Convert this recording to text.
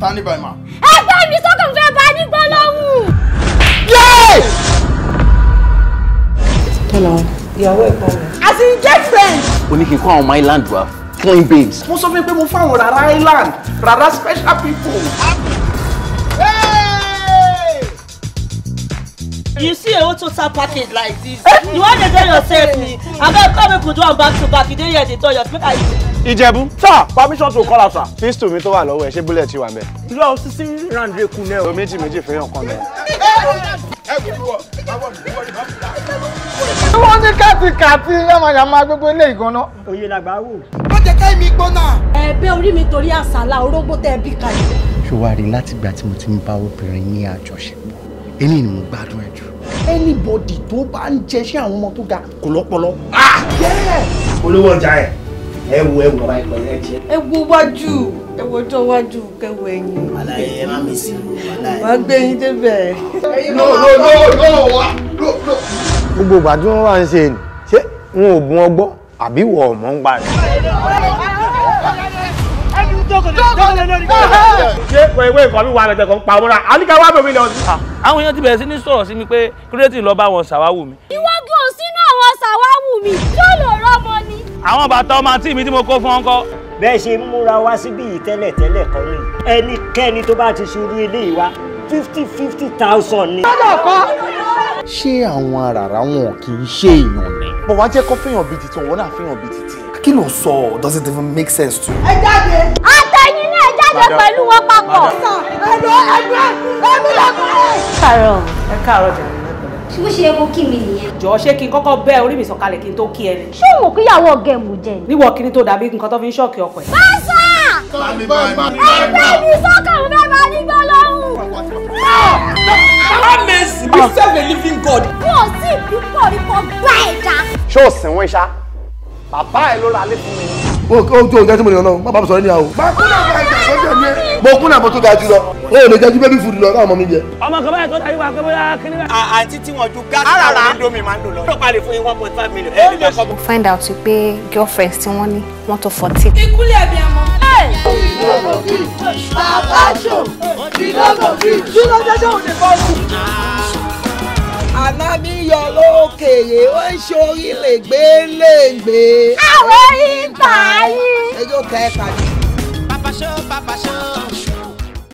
standing by ma. ẹgbẹ́ mi sọ́kàn fẹ́ bá ní gbólóhùn. tọ́lá ìyàwó ẹ̀kọ́ rẹ̀. as in girlfriend. o ní kí n kó àwọn ọmọ island wa clean babes. mo sọ fún mi pé mo fáwọn rara island rara special people. You see a auto total package like this. Eh! You wan dey tell yourself ni? Abeg come make we do am back to back. You dey hear dey tell yourself make I ìjẹ̀bú. sir permission to call out sir. pistol mi tó wà lọ́wọ́ ẹ̀ ṣé bullet wà mẹ́. lọ sisi round rẹ kun náà. o méjì méjì fẹ́ràn kan náà. wọ́n ní kàtìkàtì yamayama gbogbo eléyìí gan-an. oyè làgbà wò. ó jẹ́ ká èmi gbóná. ẹ̀ẹ́bẹ́ orí mi torí àsálà orógbó tẹ́ ẹ bí kalẹ̀. ṣùwárí látìgbà tí mo ti ń bá obìnrin ní àjọṣepọ̀ èmi ni mo gbádùn ẹ̀ jù anybody tó bá ń jẹṣẹ́ àwọn ọmọ tó ga kò lọ́pọlọ. Ah! olówó ọjà ẹ̀ ẹ wo ẹ wo bàbá ìpẹlẹ ẹ jẹ. ẹ wo wájú ẹ wo ọjọ́ wájú kẹwọ ẹ̀yìn. aláyẹ ẹ má mi sí i. wàá gbé yín débẹ̀. no no no no wa no no. gbogbo ìgbà tí wọ́n wá ń ṣe ṣé wọn ò bùn ọgbọ́ àbí wọ̀ ọ̀ ń pa rẹ̀. ṣé ìwé nǹkan mi wà lẹ́tẹ̀ kan pa ọmọ náà àníkà wà bẹ̀rẹ̀ mi lọ. Ah, àwọn èèyàn ti bẹ̀rẹ̀ sí ní sọ̀rọ̀ sí mi pé kírẹ́tì lọ bá wọn ṣàwáwò mi. àwọn bàtà ọmọ àti mi tí mo kó fún ọkọ. bẹ́ẹ̀ ṣe ń múra wá síbí yìí tẹ́lẹ̀ tẹ́lẹ̀ kan ni ẹnikẹ́ni tó bá ti ṣerú eléyìí wá fifty fifty thousand ni. lọ́dọ̀ kọ́. ṣé àwọn àràrà wọn kì í ṣe èèyàn ni. bọ̀ wá jẹ́ kó fihàn bíi titi òun náà fihàn bíi titi. kí ló sọ does it even make sense to you. ẹ jáde. àtẹ̀yìn náà ẹ jáde pẹ̀lú wọn papọ̀. ẹ̀rọ ẹ̀gbẹ́ ẹ̀mí lọ́kùnrin. ẹ káàárọ̀ ẹ káàárọ̀ jẹ̀rẹ̀ ṣé bó ṣe yẹ kó kí mi nìyẹn. jọ ṣé kí n kọ́kọ́ bẹ́ orí mi sọ̀kalẹ̀ kí n tó kí ẹ ni. ṣé o mọ̀ pé ìyàwó ọ̀gá ẹ̀ mú jẹ. níwọ̀ kiri tó dàbí nǹkan tó fi ń ṣọ́ọ̀kì ọkọ ẹ̀. báṣà ẹgbẹ́ mi sọ́kà mi bẹ́ẹ̀ máa nígbà lọ́hùn. Bàbá Mercy, we ah. serve a living God. Wọ́n sì bí pọ̀ nípa gbá ẹ̀dá. Ṣé ò sìn wọ́n ṣá? Bàbá ẹ̀ ló ra alẹ́ fún mi o tó o jẹ́ tí mo bàbá sọ̀rọ̀ ní àwò. bàbá kúnlẹ̀ bàbá ìjà sọ́jà ni ẹ. mo kúnlẹ̀ àbọ̀ tó ga jù lọ o ò lè jẹ́ ju bébí fúdù lọ láwọn ọmọ mi jẹ. ọmọ kan báyìí tó dájú wa pé bóyá kíní. àǹtí tí wọ́n ju gáàsì àwọn indomie máa ń lò lọ. ó palẹ̀ fún yín one point five million. find out pé girlfriends tí wọ́n ní wọ́n tó fourteen. ìkúlẹ̀ ẹ̀bí ọmọ. bàbá jò ó ń ṣe orí lè gbé lè gbé. Àwọn ìd tẹ kàdí. papa show papa show.